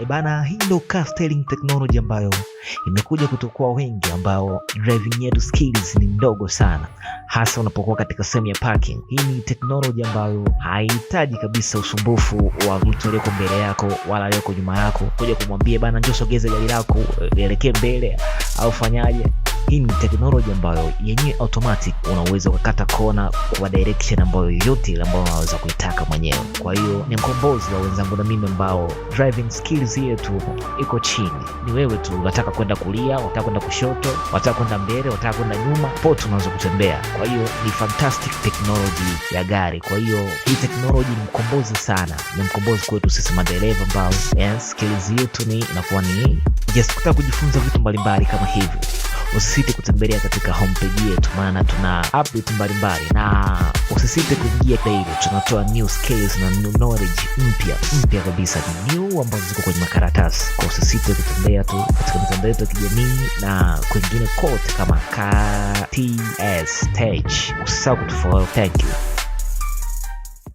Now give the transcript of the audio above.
E bana, hii ndo car styling technology ambayo imekuja kutokuwa wengi ambao driving yetu skills ni ndogo sana, hasa unapokuwa katika sehemu ya parking. Hii ni teknoloji ambayo haihitaji kabisa usumbufu wa mtu aliyeko mbele yako wala aliyeko nyuma yako kuja kumwambia bana, njoo sogeza gari lako lielekee eh, mbele au fanyaje. Hii ni teknoloji ambayo yenyewe automatic unaweza ukakata kona kwa direction ambayo yoyote ambayo unaweza kuitaka mwenyewe. Kwa hiyo ni mkombozi wa wenzangu na mimi ambao driving skills yetu iko chini. Ni wewe tu unataka kwenda kulia, unataka kwenda kushoto, unataka kwenda mbele, unataka kwenda nyuma, pote unaweza kutembea. Kwa hiyo ni fantastic technology ya gari. Kwa hiyo hii teknoloji ni mkombozi sana, ni mkombozi kwetu sisi madereva ambao yes, eh, skills yetu ni inakuwa ni just kutaka kujifunza vitu mbalimbali kama hivyo usisite kutembelea katika homepage yetu, maana tuna update mbalimbali, na usisite kuingia daily. Tunatoa new skills na new knowledge mpya mpya kabisa, new ambazo ziko kwenye makaratasi. Kwa usisite kutembea tu katika mitandao yetu ya kijamii na kwingine kote kama KTS Stage. Usisahau Thank you.